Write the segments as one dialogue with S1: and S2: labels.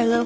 S1: Hello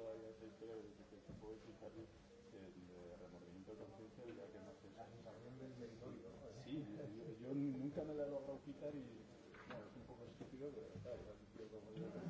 S1: todavía se espera de que se puede
S2: utilizar el eh, remordimiento de conciencia ya que no se ¿no? Sí, yo, yo nunca
S1: me la he logrado quitar y bueno, es un poco estúpido, pero claro, es un tío
S2: como yo.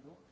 S2: Duh,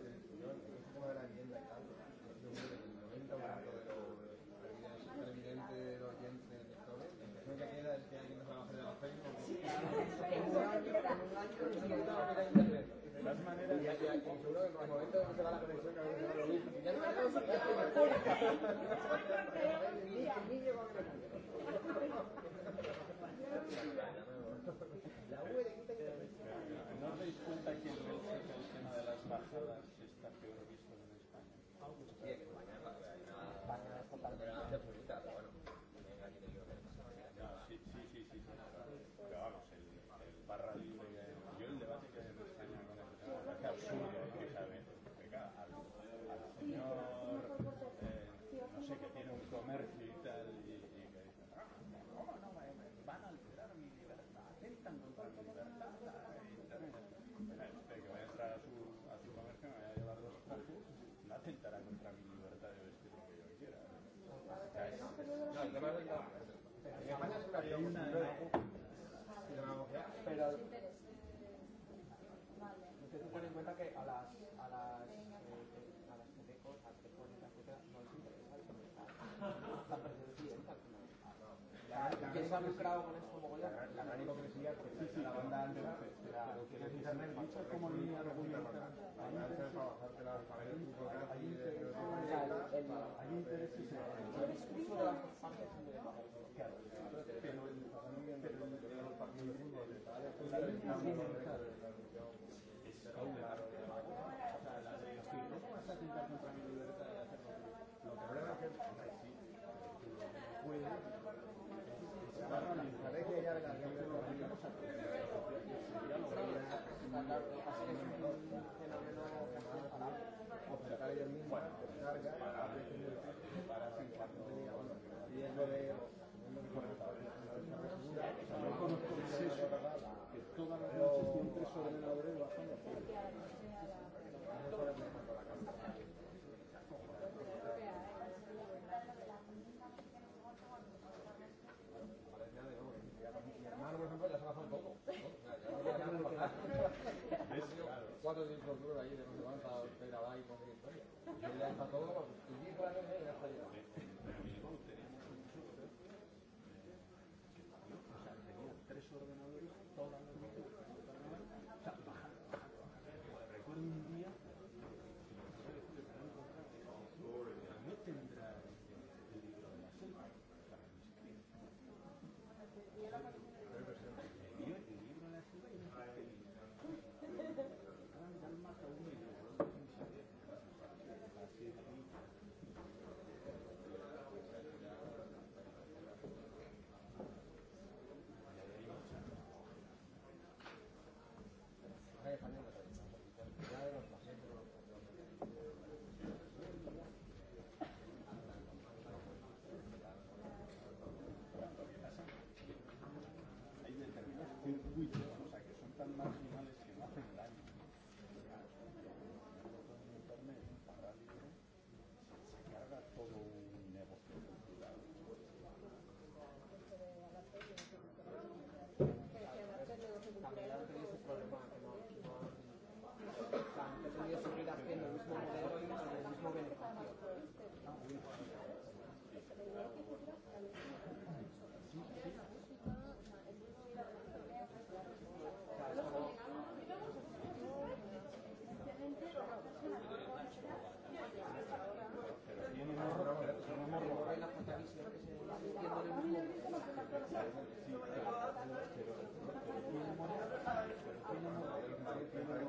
S2: la enmienda y tanto. Yeah, yeah,
S3: yeah. que se grabó con esto mogollón. La radio que decía que sí, sí, la banda ancha, lo que es internet, dicho es como línea de punta. La banda ancha es para bajarte las paredes, tu programa. Hay interés, eh, hay interés y se va a hacer. Yo les pido las partes. Claro. Thank you.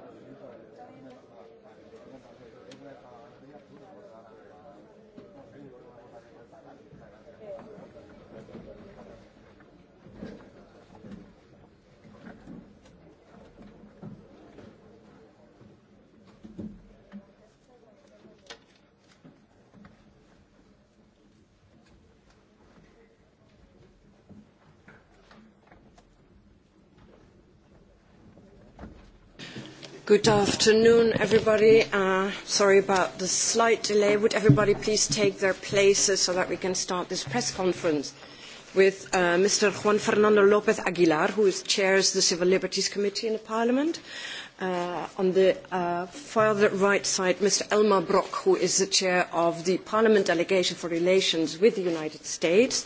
S2: Good afternoon, everybody. Uh, sorry about the slight delay. Would everybody please take their places so that we can start this press conference with uh, Mr. Juan Fernando López Aguilar, who chairs the Civil Liberties Committee in the Parliament. Uh, on the further right side, Mr. Elmar Brok, who is the chair of the Parliament Delegation for Relations with the United States.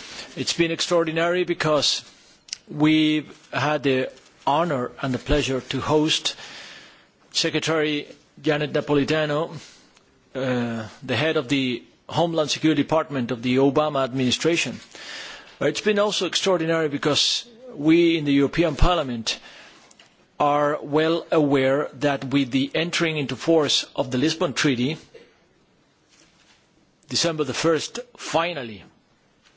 S3: It's been extraordinary because we've had the honor and the pleasure to host Secretary Janet Napolitano, uh, the head of the Homeland Security Department of the Obama administration. Uh, it's been also extraordinary because we in the European Parliament are well aware that with the entering into force of the Lisbon Treaty, December the 1st, finally,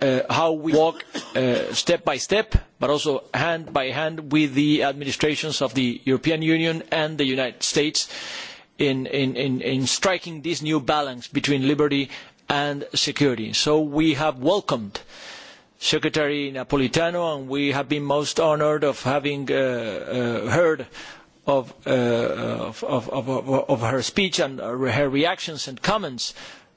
S3: Uh, how we walk uh, step by step but also hand by hand with the administrations of the european union and the united states in striking this new balance between liberty and security. so we have welcomed secretary napolitano and we have been most honoured to have uh, heard of her speech and her reactions and comments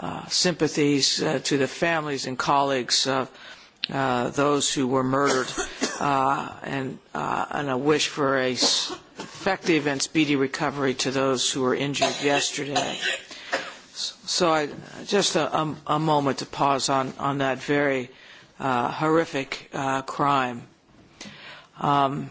S4: Uh, sympathies uh, to the families and colleagues of uh, those who were murdered uh, and, uh, and a wish for a s- effective and speedy recovery to those who were injured yesterday. So I, just a, a, a moment to pause on, on that very uh, horrific uh, crime. Um,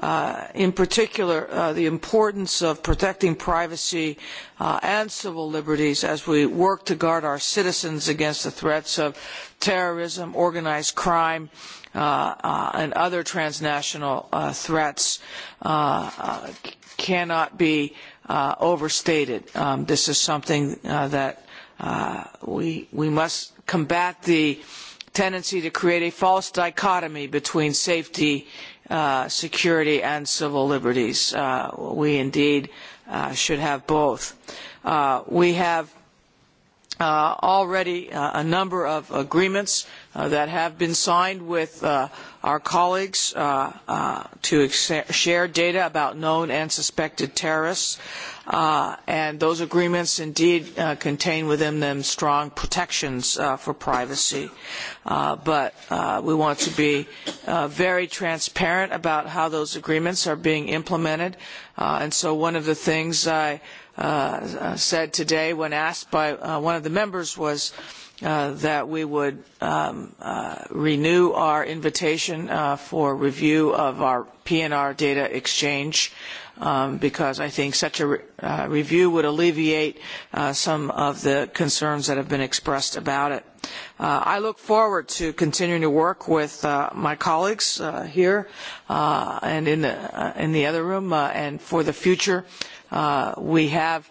S4: Uh, in particular uh, the importance of protecting privacy uh, and civil liberties as we work to guard our citizens against the threats of terrorism, organized crime, uh, and other transnational uh, threats uh, cannot be uh, overstated. Um, this is something uh, that uh, we, we must combat the tendency to create a false dichotomy between safety Uh, security and civil liberties. Uh, we indeed uh, should have both. Uh, we have uh, already uh, a number of agreements uh, Uh, that have been signed with uh, our colleagues uh, uh, to ex- share data about known and suspected terrorists. Uh, and those agreements indeed uh, contain within them strong protections uh, for privacy. Uh, but uh, we want to be uh, very transparent about how those agreements are being implemented. Uh, and so one of the things I uh, said today when asked by uh, one of the members was, uh, Uh, that we would um, uh, renew our invitation uh, for review of our PNR data exchange um, because I think such a re- uh, review would alleviate uh, some of the concerns that have been expressed about it. Uh, I look forward to continuing to work with uh, my colleagues uh, here uh, and in the, uh, in the other room uh, and for the future. Uh, we have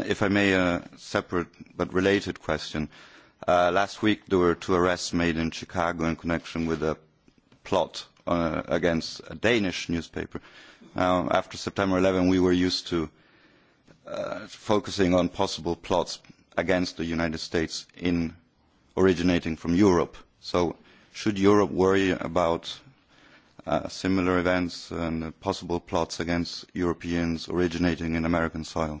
S1: if i may ask a separate but related question uh, last week there were two arrests made in chicago in connection with a plot uh, against a danish newspaper. after september eleven we were used to uh, focusing on possible plots against the united states originating from europe. so should europe worry about similar events and possible plots against europeans originating
S4: in american soil?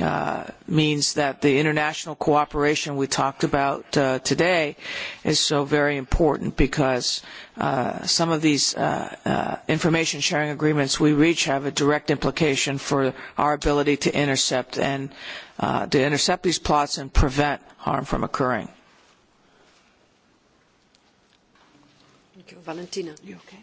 S4: Uh, means that the international cooperation we talked about uh, today is so very important because uh, some of these uh, uh, information sharing agreements we reach have a direct implication for our ability to intercept and uh, to intercept these plots and prevent harm from occurring.
S2: Thank you, Valentina. You okay?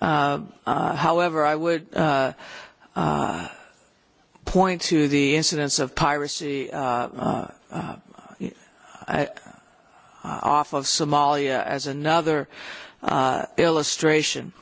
S4: Uh, uh, however, I would uh, uh, point to the incidence of piracy uh, uh, uh, uh, off of Somalia as another uh, illustration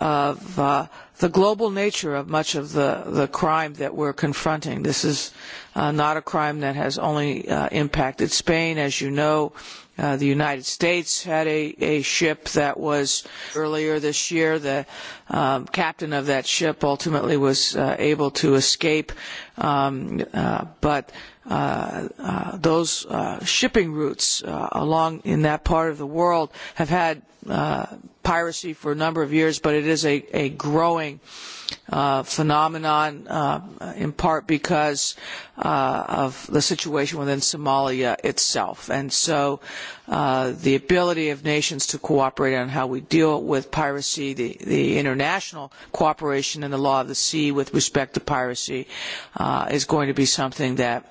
S4: of uh, the global nature of much of the, the crime that we're confronting. This is uh, not a crime that has only uh, impacted Spain, as you know. Uh, Uh, the United States had a, a ship that was earlier this year. The um, captain of that ship ultimately was uh, able to escape, um, uh, but uh, Uh, uh, those uh, shipping routes uh, along in that part of the world have had uh, piracy for a number of years, but it is a, a growing uh, phenomenon uh, in part because uh, of the situation within Somalia itself. And so uh, the ability of nations to cooperate on how we deal with piracy, the, the international cooperation in the law of the sea with respect to piracy uh, is going to be something that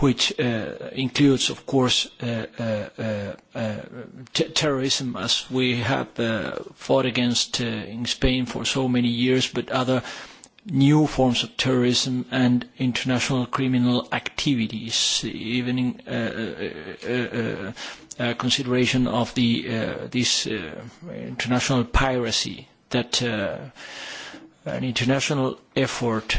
S3: which uh, includes, of course, uh, uh, uh, uh t- terrorism, as we have uh, fought against uh, in Spain for so many years, but other new forms of terrorism and international criminal activities, even in uh, uh, uh, uh, uh consideration of the uh, this uh, international piracy that uh, an international effort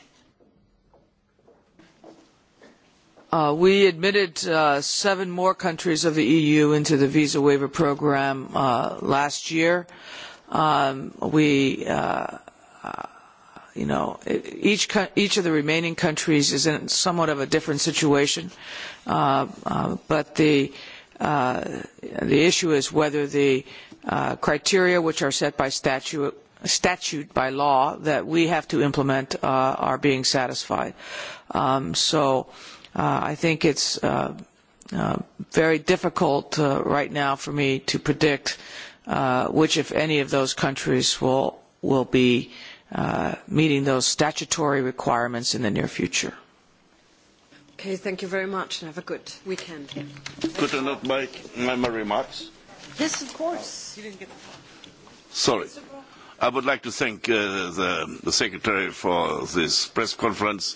S3: Uh,
S4: we admitted uh, seven more countries of the EU into the visa waiver program uh, last year. Um, we, uh, uh you know, e, each each of the remaining countries is in somewhat of a different situation, uh, uh, but the uh, the issue is whether the uh, criteria which are set by statute statute by law that we have to implement uh, are being satisfied. Um, so uh, Uh, I think it's uh, uh, very difficult uh, right now for me to predict uh, which, if any, of those countries will will be uh, meeting those statutory requirements in the near future.
S2: Okay, thank you very much, and have a good weekend. Yeah.
S4: Could
S1: I not make my remarks?
S4: Yes, of course. Oh, you didn't get
S1: Sorry. I would like to thank uh, the, the Secretary for this press conference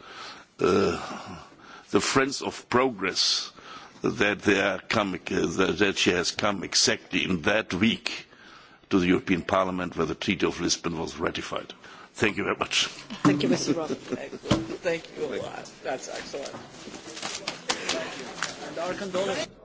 S1: Uh, the friends of progress that they are coming, uh, that she has come exactly in that week to the European Parliament where the Treaty of Lisbon was ratified. Thank you very much.
S4: Thank you, Mr. Roth. Thank you a lot. That's excellent.
S3: Thank you. And our condolences.